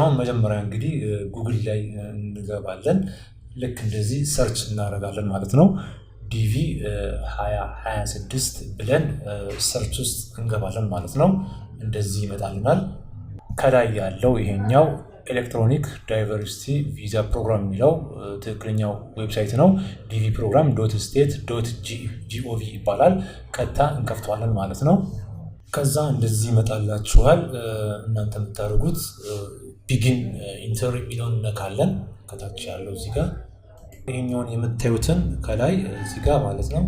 አሁን መጀመሪያ እንግዲህ ጉግል ላይ እንገባለን። ልክ እንደዚህ ሰርች እናደርጋለን ማለት ነው። ዲቪ 2026 ብለን ሰርች ውስጥ እንገባለን ማለት ነው። እንደዚህ ይመጣልናል። ከላይ ያለው ይሄኛው ኤሌክትሮኒክ ዳይቨርሲቲ ቪዛ ፕሮግራም የሚለው ትክክለኛው ዌብሳይት ነው። ዲቪ ፕሮግራም ዶት ስቴት ዶት ጂኦቪ ይባላል። ቀጥታ እንከፍተዋለን ማለት ነው። ከዛ እንደዚህ ይመጣላችኋል። እናንተ የምታደርጉት ቢግን ኢንተር የሚለውን እነካለን። ከታች ያለው እዚህ ጋር ይህኛውን የምታዩትን ከላይ እዚህ ጋር ማለት ነው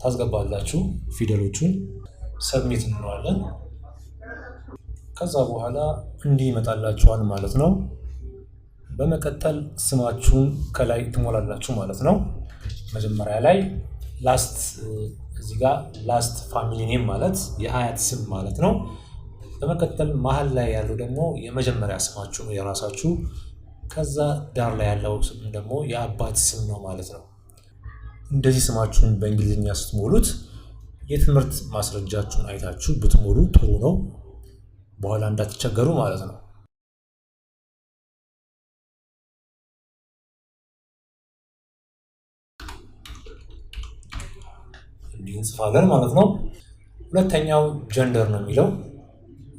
ታስገባላችሁ። ፊደሎቹን ሰብሚት እንለዋለን። ከዛ በኋላ እንዲህ ይመጣላችኋል ማለት ነው። በመቀጠል ስማችሁን ከላይ ትሞላላችሁ ማለት ነው። መጀመሪያ ላይ ላስት እዚህ ጋር ላስት ፋሚሊ ኔም ማለት የአያት ስም ማለት ነው። በመቀጠል መሀል ላይ ያሉ ደግሞ የመጀመሪያ ስማችሁ የራሳችሁ፣ ከዛ ዳር ላይ ያለው ስም ደግሞ የአባት ስም ነው ማለት ነው። እንደዚህ ስማችሁን በእንግሊዝኛ ስትሞሉት የትምህርት ማስረጃችሁን አይታችሁ ብትሞሉ ጥሩ ነው፣ በኋላ እንዳትቸገሩ ማለት ነው። እንዲህ እንጽፋለን ማለት ነው። ሁለተኛው ጀንደር ነው የሚለው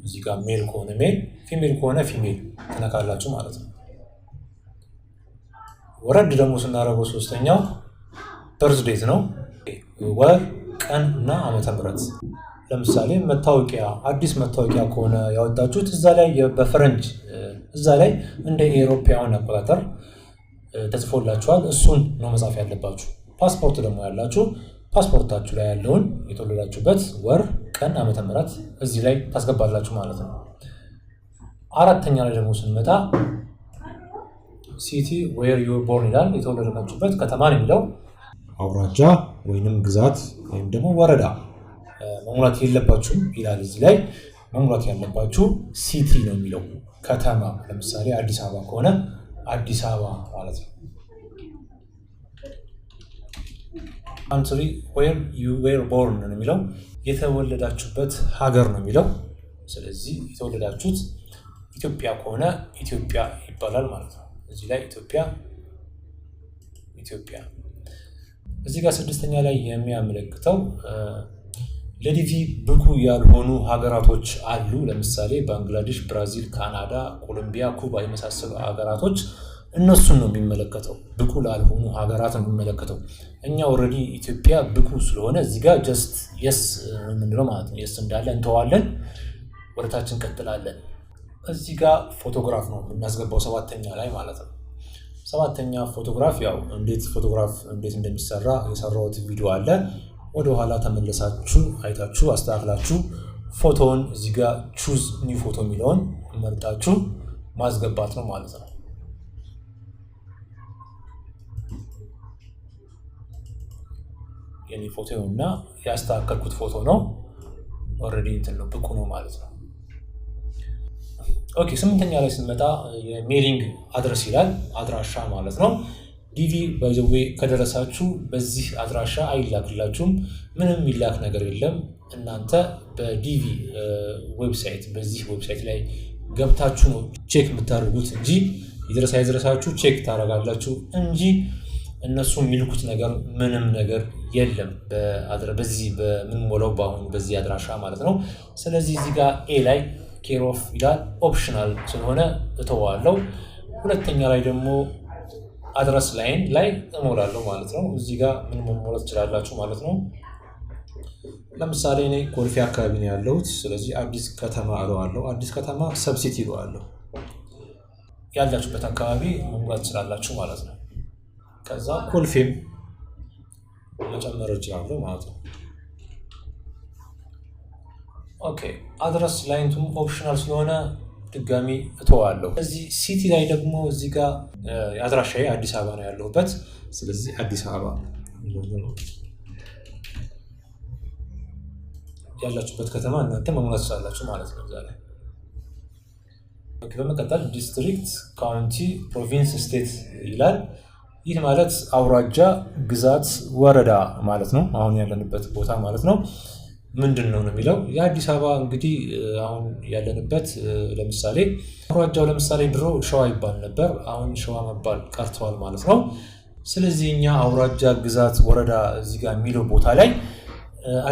እዚህ ጋር ሜል ከሆነ ሜል፣ ፊሜል ከሆነ ፊሜል ትነካላችሁ ማለት ነው። ወረድ ደግሞ ስናደርገው ሶስተኛው በርዝ ዴት ነው። ወር፣ ቀን እና ዓመተ ምሕረት ለምሳሌ መታወቂያ አዲስ መታወቂያ ከሆነ ያወጣችሁት እዛ ላይ በፈረንጅ እዛ ላይ እንደ ኤሮፓውያን አቆጣጠር ተጽፎላችኋል። እሱን ነው መጻፍ ያለባችሁ። ፓስፖርት ደግሞ ያላችሁ ፓስፖርታችሁ ላይ ያለውን የተወለዳችሁበት ወር፣ ቀን፣ ዓመተ ምሕረት እዚህ ላይ ታስገባላችሁ ማለት ነው። አራተኛ ላይ ደግሞ ስንመጣ ሲቲ ዌር ዩ ቦርን ይላል። የተወለዳችሁበት ከተማ የሚለው አውራጃ ወይንም ግዛት ወይም ደግሞ ወረዳ መሙላት የለባችሁም ይላል። እዚህ ላይ መሙላት ያለባችሁ ሲቲ ነው የሚለው ከተማ። ለምሳሌ አዲስ አበባ ከሆነ አዲስ አበባ ማለት ነው። ካንትሪ ዌር ዩ ዌር ቦርን ነው የሚለው የተወለዳችሁበት ሀገር ነው የሚለው። ስለዚህ የተወለዳችሁት ኢትዮጵያ ከሆነ ኢትዮጵያ ይባላል ማለት ነው። እዚህ ላይ ኢትዮጵያ ኢትዮጵያ። እዚህ ጋር ስድስተኛ ላይ የሚያመለክተው ለዲቪ ብቁ ያልሆኑ ሀገራቶች አሉ። ለምሳሌ ባንግላዴሽ፣ ብራዚል፣ ካናዳ፣ ኮሎምቢያ፣ ኩባ የመሳሰሉ ሀገራቶች እነሱን ነው የሚመለከተው፣ ብቁ ላልሆኑ ሀገራት ነው የሚመለከተው። እኛ ኦልሬዲ ኢትዮጵያ ብቁ ስለሆነ እዚህ ጋር ጀስት የስ ምንድነው ማለት ነው የስ እንዳለ እንተዋለን፣ ወደታችን እንቀጥላለን። እዚህ ጋር ፎቶግራፍ ነው የምናስገባው ሰባተኛ ላይ ማለት ነው። ሰባተኛ ፎቶግራፍ ያው እንዴት ፎቶግራፍ እንዴት እንደሚሰራ የሰራሁት ቪዲዮ አለ። ወደኋላ ተመለሳችሁ አይታችሁ አስተካክላችሁ ፎቶውን እዚህ ጋር ቹዝ ኒው ፎቶ የሚለውን መርጣችሁ ማስገባት ነው ማለት ነው። የኔ ፎቶ እና ያስተካከልኩት ፎቶ ነው። ኦልሬዲ እንትን ነው ብቁ ነው ማለት ነው። ኦኬ ስምንተኛ ላይ ስንመጣ የሜሊንግ አድረስ ይላል አድራሻ ማለት ነው። ዲቪ ባይዘዌ ከደረሳችሁ በዚህ አድራሻ አይላክላችሁም። ምንም የሚላክ ነገር የለም። እናንተ በዲቪ ዌብሳይት በዚህ ዌብሳይት ላይ ገብታችሁ ነው ቼክ የምታደርጉት እንጂ የደረሳ የደረሳችሁ ቼክ ታደርጋላችሁ እንጂ እነሱ የሚልኩት ነገር ምንም ነገር የለም። በዚህ በምንሞላው በአሁኑ በዚህ አድራሻ ማለት ነው። ስለዚህ እዚህ ጋር ኤ ላይ ኬሮፍ ይላል ኦፕሽናል ስለሆነ እተዋለው። ሁለተኛ ላይ ደግሞ አድረስ ላይን ላይ እሞላለሁ ማለት ነው። እዚህ ጋር ምን መሞላት ትችላላችሁ ማለት ነው። ለምሳሌ እኔ ኮልፌ አካባቢ ነው ያለሁት። ስለዚህ አዲስ ከተማ እለዋለሁ። አዲስ ከተማ ሰብሲቲ እለዋለሁ። ያላችሁበት አካባቢ መሙላት ትችላላችሁ ማለት ነው። ከዛ ኮልፌም መጨመር እችላለሁ ማለት ነው። ኦኬ አድረስ ላይንቱም ኦፕሽናል ስለሆነ ድጋሚ እተዋለሁ። እዚህ ሲቲ ላይ ደግሞ እዚህ ጋር አድራሻዬ አዲስ አበባ ነው ያለሁበት። ስለዚህ አዲስ አበባ ያላችሁበት ከተማ እናንተ መሙላት ትችላላችሁ ማለት ነው። ላይ። በመቀጠል ዲስትሪክት፣ ካውንቲ፣ ፕሮቪንስ፣ ስቴት ይላል። ይህ ማለት አውራጃ፣ ግዛት፣ ወረዳ ማለት ነው። አሁን ያለንበት ቦታ ማለት ነው። ምንድን ነው ነው የሚለው የአዲስ አበባ እንግዲህ አሁን ያለንበት ለምሳሌ አውራጃው ለምሳሌ ድሮ ሸዋ ይባል ነበር። አሁን ሸዋ መባል ቀርተዋል ማለት ነው። ስለዚህ እኛ አውራጃ፣ ግዛት፣ ወረዳ እዚህ ጋር የሚለው ቦታ ላይ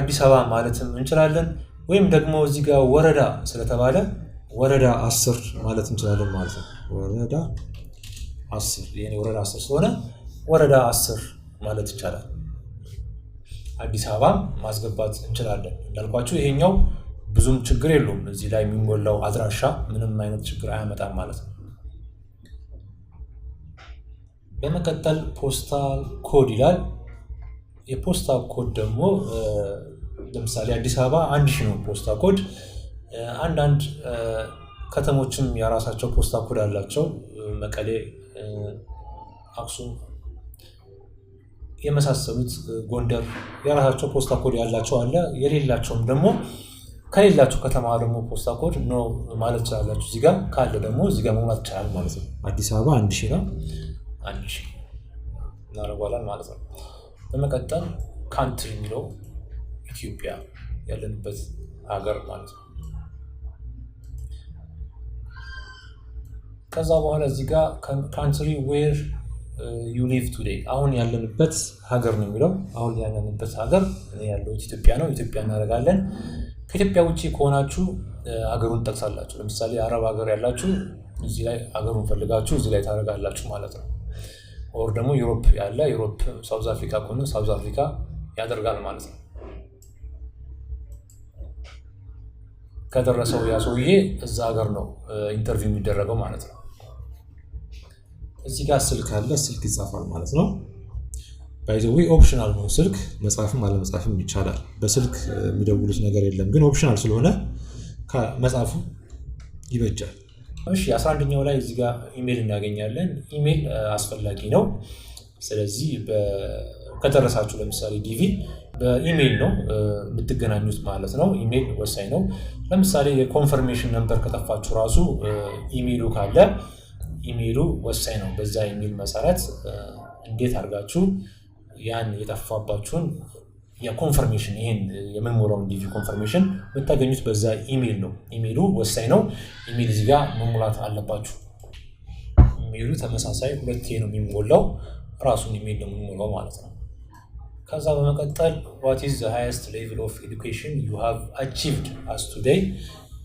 አዲስ አበባ ማለትም እንችላለን። ወይም ደግሞ እዚህ ጋር ወረዳ ስለተባለ ወረዳ አስር ማለት እንችላለን ማለት ነው ወረዳ አስር የኔ ወረዳ አስር ስለሆነ ወረዳ አስር ማለት ይቻላል። አዲስ አበባ ማስገባት እንችላለን። እንዳልኳቸው ይሄኛው ብዙም ችግር የለውም። እዚህ ላይ የሚሞላው አድራሻ ምንም አይነት ችግር አያመጣም ማለት ነው። በመቀጠል ፖስታል ኮድ ይላል። የፖስታ ኮድ ደግሞ ለምሳሌ አዲስ አበባ አንድ ሺህ ነው ፖስታ ኮድ። አንዳንድ ከተሞችም የራሳቸው ፖስታ ኮድ አላቸው። መቀሌ፣ አክሱም የመሳሰሉት ጎንደር የራሳቸው ፖስታ ኮድ ያላቸው አለ። የሌላቸውም ደግሞ ከሌላቸው ከተማ ደግሞ ፖስታ ኮድ ኖ ማለት ትችላላችሁ። እዚጋ ካለ ደግሞ እዚጋ መሙላት ይቻላል ማለት ነው። አዲስ አበባ አንድ ሺ ነው። አንድ ሺ እናደርጓለን ማለት ነው። በመቀጠል ካንትሪ የሚለው ኢትዮጵያ ያለንበት ሀገር ማለት ነው። ከዛ በኋላ እዚህ ጋ ካንትሪ ዌር ዩ ሊቭ ቱዴይ አሁን ያለንበት ሀገር ነው የሚለው። አሁን ያለንበት ሀገር ያለው ኢትዮጵያ ነው፣ ኢትዮጵያ እናደርጋለን። ከኢትዮጵያ ውጭ ከሆናችሁ uh, ሀገሩን ጠቅሳላችሁ። ለምሳሌ አረብ ሀገር ያላችሁ እዚህ ላይ ሀገሩን ፈልጋችሁ እዚህ ላይ ታደርጋላችሁ ማለት ነው። ኦር ደግሞ ዩሮፕ ያለ ዩሮፕ፣ ሳውዝ አፍሪካ ከሆነ ሳውዝ አፍሪካ ያደርጋል ማለት ነው። ከደረሰው ያ ሰውዬ እዛ ሀገር ነው ኢንተርቪው uh, የሚደረገው ማለት ነው። እዚህ ጋር ስልክ አለ፣ ስልክ ይጻፋል ማለት ነው። ባይዘዌ ኦፕሽናል ነው ስልክ መጻፍም አለመጻፍም ይቻላል። በስልክ የሚደውሉት ነገር የለም፣ ግን ኦፕሽናል ስለሆነ መጻፉ ይበጃል። እሺ፣ አስራ አንደኛው ላይ እዚህ ጋር ኢሜል እናገኛለን። ኢሜል አስፈላጊ ነው። ስለዚህ ከደረሳችሁ ለምሳሌ ዲቪ በኢሜይል ነው የምትገናኙት ማለት ነው። ኢሜይል ወሳኝ ነው። ለምሳሌ የኮንፈርሜሽን ነምበር ከጠፋችሁ ራሱ ኢሜይሉ ካለ ኢሜይሉ ወሳኝ ነው። በዛ የሚል መሰረት እንዴት አድርጋችሁ ያን የጠፋባችሁን የኮንፈርሜሽን ይህን የምንሞላውን ዲቪ ኮንፈርሜሽን የምታገኙት በዛ ኢሜይል ነው። ኢሜይሉ ወሳኝ ነው። ኢሜይል እዚህ ጋር መሙላት አለባችሁ። ኢሜይሉ ተመሳሳይ ሁለት ነው የሚሞላው ራሱን ኢሜይል ነው የምንሞላው ማለት ነው። ከዛ በመቀጠል ዋት ኢዝ ዘ ሃይስት ሌቭል ኦፍ ኤዱኬሽን ዩ ሃቭ አቺቭድ አስ ቱዴይ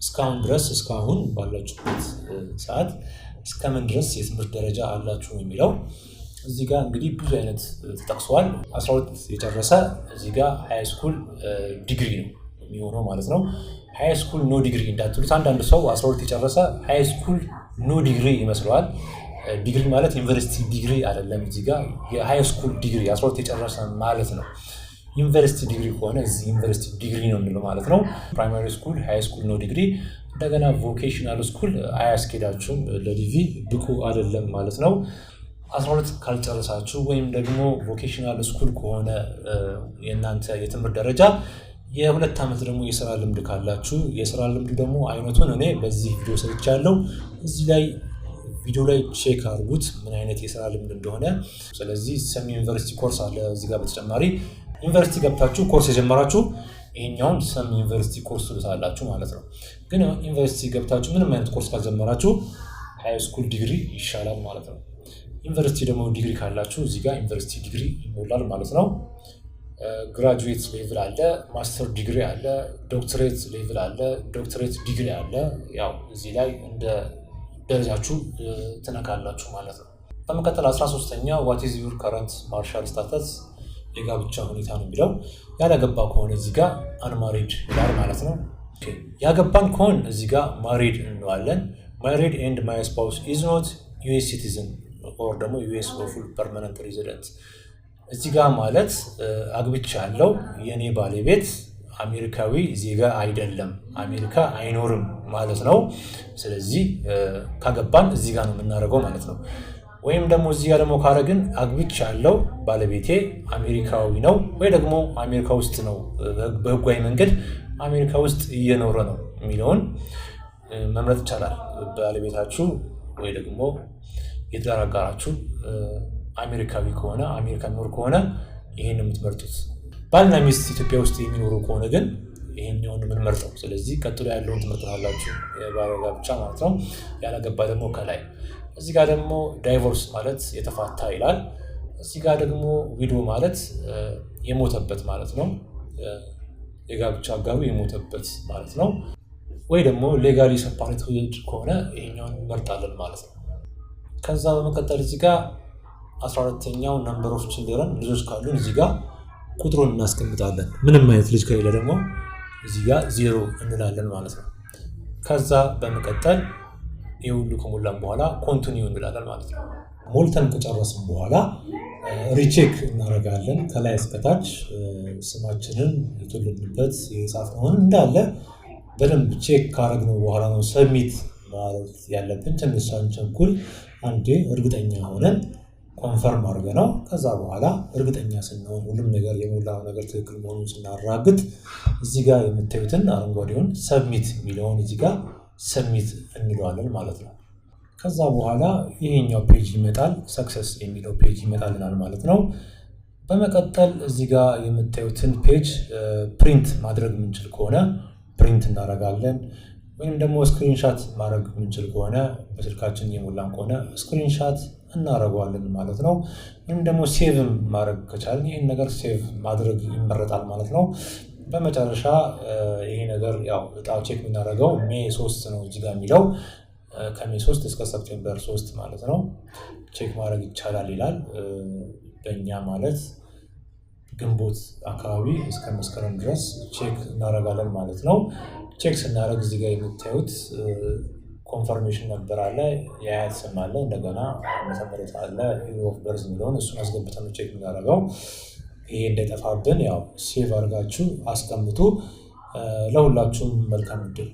እስካሁን ድረስ እስካሁን ባላችሁበት ሰዓት እስከምን ድረስ የትምህርት ደረጃ አላችሁ የሚለው እዚህ ጋር እንግዲህ ብዙ አይነት ተጠቅሰዋል 12 የጨረሰ እዚህ ጋር ሃይ ስኩል ዲግሪ ነው የሚሆነው ማለት ነው። ሃይ ስኩል ኖ ዲግሪ እንዳትሉት። አንዳንድ ሰው 12 የጨረሰ ሃይ ስኩል ኖ ዲግሪ ይመስለዋል። ዲግሪ ማለት ዩኒቨርሲቲ ዲግሪ አይደለም። እዚህ ጋር የሃይ ስኩል ዲግሪ 12 የጨረሰ ማለት ነው። ዩኒቨርሲቲ ዲግሪ ከሆነ እዚህ ዩኒቨርሲቲ ዲግሪ ነው የምንለው ማለት ነው። ፕራይማሪ ስኩል፣ ሃይ ስኩል ነው ዲግሪ። እንደገና ቮኬሽናል ስኩል አያስኬዳችሁም፣ ለዲቪ ብቁ አይደለም ማለት ነው። 12 ካልጨረሳችሁ ወይም ደግሞ ቮኬሽናል ስኩል ከሆነ የእናንተ የትምህርት ደረጃ የሁለት ዓመት ደግሞ የስራ ልምድ ካላችሁ የስራ ልምድ ደግሞ አይነቱን እኔ በዚህ ቪዲዮ ሰርቻለሁ። እዚህ ላይ ቪዲዮ ላይ ቼክ አድርጉት ምን አይነት የስራ ልምድ እንደሆነ። ስለዚህ ሰሚ ዩኒቨርሲቲ ኮርስ አለ እዚህ ጋር በተጨማሪ ዩኒቨርሲቲ ገብታችሁ ኮርስ የጀመራችሁ ይህኛውን ሰም ዩኒቨርሲቲ ኮርስ ትሉታላችሁ ማለት ነው። ግን ዩኒቨርሲቲ ገብታችሁ ምንም አይነት ኮርስ ካልጀመራችሁ ሃይ ስኩል ዲግሪ ይሻላል ማለት ነው። ዩኒቨርሲቲ ደግሞ ዲግሪ ካላችሁ እዚህ ጋር ዩኒቨርሲቲ ዲግሪ ይሞላል ማለት ነው። ግራጁዌት ሌቭል አለ፣ ማስተር ዲግሪ አለ፣ ዶክትሬት ሌቭል አለ፣ ዶክትሬት ዲግሪ አለ። ያው እዚህ ላይ እንደ ደረጃችሁ ትነካላችሁ ማለት ነው። በመቀጠል 13ተኛ ዋት ዩር ከረንት ማርሻል ስታተስ የጋብቻ ሁኔታ ነው የሚለው። ያላገባ ከሆነ እዚህ ጋር አንማሪድ ይላል ማለት ነው። ያገባን ከሆን እዚህ ጋር ማሪድ እንለዋለን። ማሪድ ኤንድ ማይ ስፓውስ ኢዝ ኖት ዩኤስ ሲቲዝን ኦር ደግሞ ዩኤስ ፉል ፐርማነንት ሬዚደንት እዚህ ጋር ማለት አግብቻ ያለው የእኔ ባለቤት አሜሪካዊ ዜጋ አይደለም፣ አሜሪካ አይኖርም ማለት ነው። ስለዚህ ካገባን እዚህ ጋር ነው የምናደርገው ማለት ነው። ወይም ደግሞ እዚህ ጋር ደግሞ ካረግን አግብቻ አለው ባለቤቴ አሜሪካዊ ነው ወይ ደግሞ አሜሪካ ውስጥ ነው በህጋዊ መንገድ አሜሪካ ውስጥ እየኖረ ነው የሚለውን መምረጥ ይቻላል። ባለቤታችሁ ወይ ደግሞ የትዳር አጋራችሁ አሜሪካዊ ከሆነ አሜሪካ የሚኖር ከሆነ ይህን የምትመርጡት። ባልና ሚስት ኢትዮጵያ ውስጥ የሚኖሩ ከሆነ ግን ይህን የሆኑ የምንመርጠው። ስለዚህ ቀጥሎ ያለውን ትምህርት አላችሁ የባለ ጋብቻ ማለት ነው። ያላገባ ደግሞ ከላይ እዚህ ጋር ደግሞ ዳይቮርስ ማለት የተፋታ ይላል። እዚህ ጋር ደግሞ ዊዶ ማለት የሞተበት ማለት ነው። የጋብቻ አጋሩ የሞተበት ማለት ነው። ወይ ደግሞ ሌጋሊ ሰፓሬትድ ከሆነ ይሄኛውን እንመርጣለን ማለት ነው። ከዛ በመቀጠል እዚህ ጋር አስራ ሁለተኛው ነምበር ኦፍ ችልድረን ልጆች ካሉን እዚህ ጋር ቁጥሩን እናስቀምጣለን። ምንም አይነት ልጅ ከሌለ ደግሞ እዚህ ጋር ዜሮ እንላለን ማለት ነው። ከዛ በመቀጠል ይህ ሁሉ ከሞላም በኋላ ኮንቲኒው እንላለን ማለት ነው። ሞልተን ከጨረስን በኋላ ሪቼክ እናደርጋለን። ከላይ እስከታች ስማችንን፣ የተወለድንበት፣ የጻፍነውን እንዳለ በደንብ ቼክ ካረግነው በኋላ ነው ሰሚት ማለት ያለብን። ትንሽ ሳንቸኩል አንዴ እርግጠኛ ሆነን ኮንፈርም ነው። ከዛ በኋላ እርግጠኛ ስንሆን ሁሉም ነገር የሞላው ነገር ትክክል መሆኑን ስናራግጥ እዚህ ጋር የምታዩትን አረንጓዴውን ሰብሚት የሚለውን እዚህ ጋር ሰሚት እንለዋለን ማለት ነው። ከዛ በኋላ ይሄኛው ፔጅ ይመጣል፣ ሰክሰስ የሚለው ፔጅ ይመጣልናል ማለት ነው። በመቀጠል እዚህ ጋር የምታዩትን ፔጅ ፕሪንት ማድረግ የምንችል ከሆነ ፕሪንት እናደርጋለን። ወይም ደግሞ ስክሪንሻት ማድረግ የምንችል ከሆነ በስልካችን የሞላን ከሆነ ስክሪንሻት እናደርገዋለን ማለት ነው። ወይም ደግሞ ሴቭም ማድረግ ከቻልን ይህን ነገር ሴቭ ማድረግ ይመረጣል ማለት ነው። በመጨረሻ ይሄ ነገር ያው እጣው ቼክ የምናደርገው ሜ ሶስት ነው እዚህ ጋር የሚለው ከሜ ሶስት እስከ ሰፕቴምበር ሶስት ማለት ነው። ቼክ ማድረግ ይቻላል ይላል። በእኛ ማለት ግንቦት አካባቢ እስከ መስከረም ድረስ ቼክ እናደርጋለን ማለት ነው። ቼክ ስናደርግ እዚህ ጋር የምታዩት ኮንፈርሜሽን ነበር አለ፣ የአያት ስም አለ፣ እንደገና ዓመተ አለ፣ ኦፍ በርዝ የሚለውን እሱን አስገብተን ቼክ የምናደርገው ይሄ እንደጠፋብን ያው ሴቭ አድርጋችሁ አስቀምጡ። ለሁላችሁም መልካም እድል